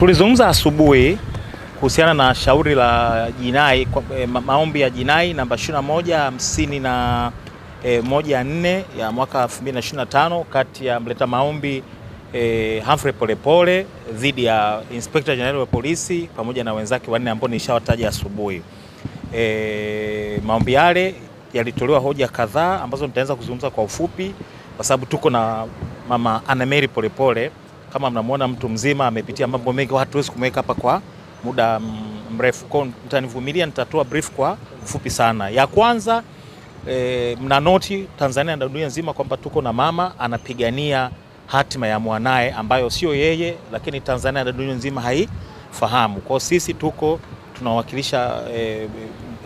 Tulizungumza asubuhi kuhusiana na shauri la jinai, eh, maombi ya jinai namba 2150 na e, moja nne ya mwaka 2025 kati ya mleta maombi e, Humphrey Polepole dhidi ya Inspector General wa polisi pamoja na wenzake wanne ambao nilishawataja asubuhi. E, maombi yale yalitolewa hoja kadhaa ambazo nitaanza kuzungumza kwa ufupi, kwa sababu tuko na mama Anamary Polepole kama mnamwona mtu mzima amepitia mambo mengi, hatuwezi kumweka hapa kwa muda mrefu, kwa mtanivumilia, nitatoa brief kwa mfupi sana. Ya kwanza e, mna noti Tanzania na dunia nzima kwamba tuko na mama anapigania hatima ya mwanae ambayo sio yeye, lakini Tanzania na dunia nzima haifahamu. Kwa sisi tuko tunawakilisha e,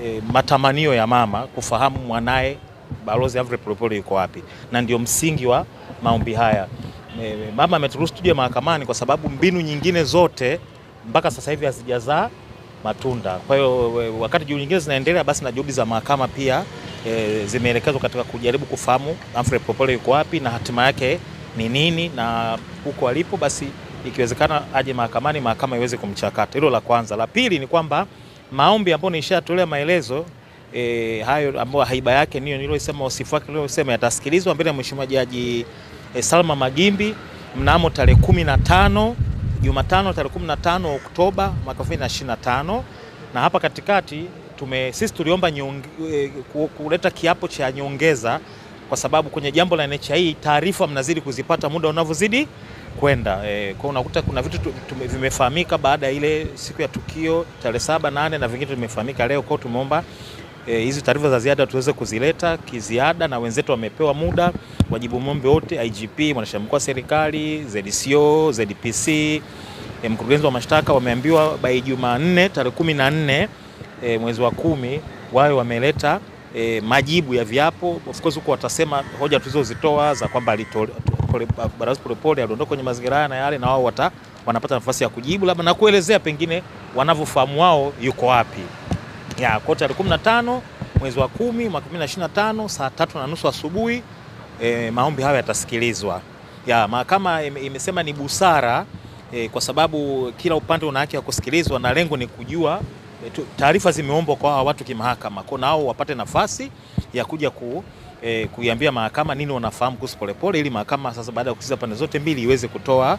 e, matamanio ya mama kufahamu mwanae Balozi Avril Polepole yuko wapi, na ndio msingi wa maombi haya mama ameturuhusu tuje mahakamani kwa sababu mbinu nyingine zote mpaka sasa hivi hazijazaa matunda. Kwa hiyo wakati juhudi nyingine zinaendelea, basi na juhudi za mahakama pia e, zimeelekezwa katika kujaribu kufahamu Humphrey Polepole yuko wapi na hatima yake ni nini, na huko alipo, basi ikiwezekana aje mahakamani, mahakama iweze kumchakata. Hilo la kwanza. La pili ni kwamba maombi ambayo nishatolea maelezo e, hayo ambayo haiba yake niyo nilosema, wasifu wake nilosema, yatasikilizwa mbele ya mheshimiwa jaji e, Salma Magimbi mnamo tarehe kumi na tano Jumatano tarehe 15 Oktoba mwaka 2025 na hapa katikati tume, sisi tuliomba e, kuleta kiapo cha nyongeza kwa sababu kwenye jambo la NHI taarifa mnazidi kuzipata muda unavyozidi kwenda e, kwa unakuta kuna vitu tume, vimefahamika baada ya ile siku ya tukio tarehe saba nane na vingine vimefahamika leo Kwa tumeomba hizi e, taarifa za ziada tuweze kuzileta kiziada na wenzetu wamepewa muda wajibu mombe wote, IGP, mwanasheria mkuu wa serikali, ZCO, ZPC, eh, mkurugenzi wa mashtaka wameambiwa by Jumanne tarehe 14 e, eh, mwezi wa kumi wawe wameleta e, majibu ya viapo. Of course huko watasema hoja tulizozitoa za kwamba Balozi Polepole aliondoka kwenye mazingira haya na yale, na wao wanapata nafasi ya kujibu labda na kuelezea pengine wanavyofahamu wao yuko wapi. Ya, kwa tarehe 15 mwezi wa 10 mwaka 2025 saa tatu na nusu asubuhi e, maombi hayo yatasikilizwa. Ya, mahakama imesema ni busara e, kwa sababu kila upande una haki ya kusikilizwa na lengo ni kujua e, taarifa zimeombwa kwa watu kimahakama, kwa nao wapate nafasi ya kuja ku, e, kuiambia mahakama nini wanafahamu kuhusu Polepole ili mahakama sasa baada ya kusikiza pande zote mbili iweze kutoa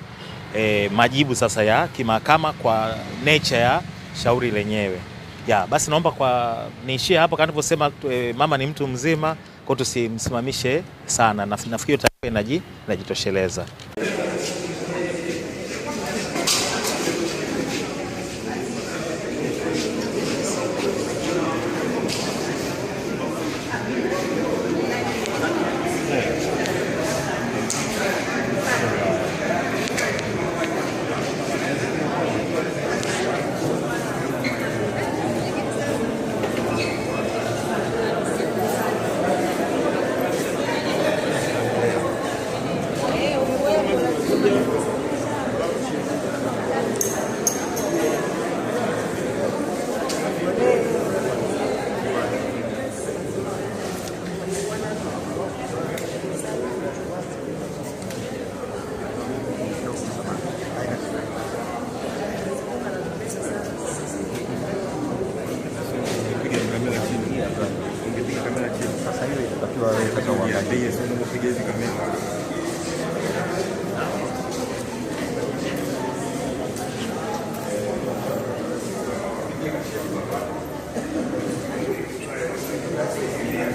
e, majibu sasa ya kimahakama kwa nature ya shauri lenyewe. Ya, basi naomba kwa niishie hapo kama nilivyosema, e, mama ni mtu mzima kwa tusimsimamishe sana, nafikiri tayari inajitosheleza. pegué son nuevo pegué quand même. Thank you.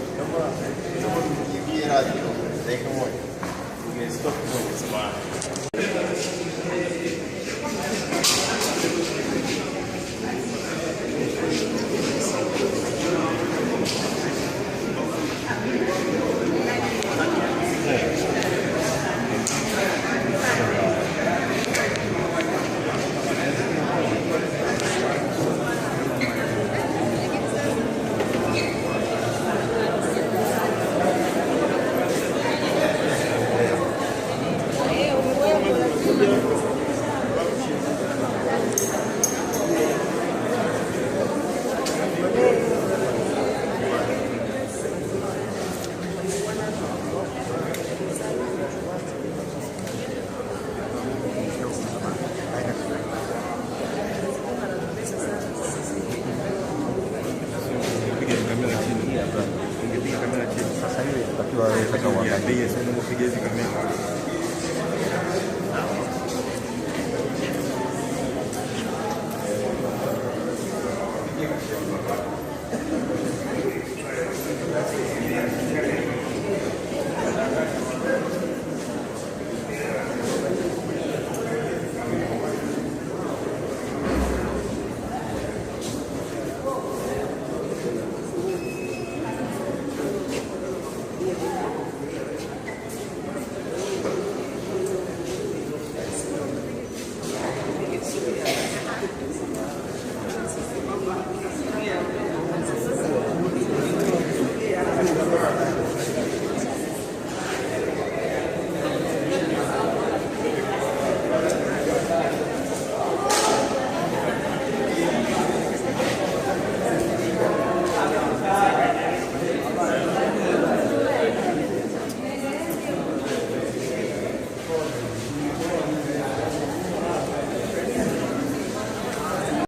Mjibie radhi dakika moja, ungestop moja samahani.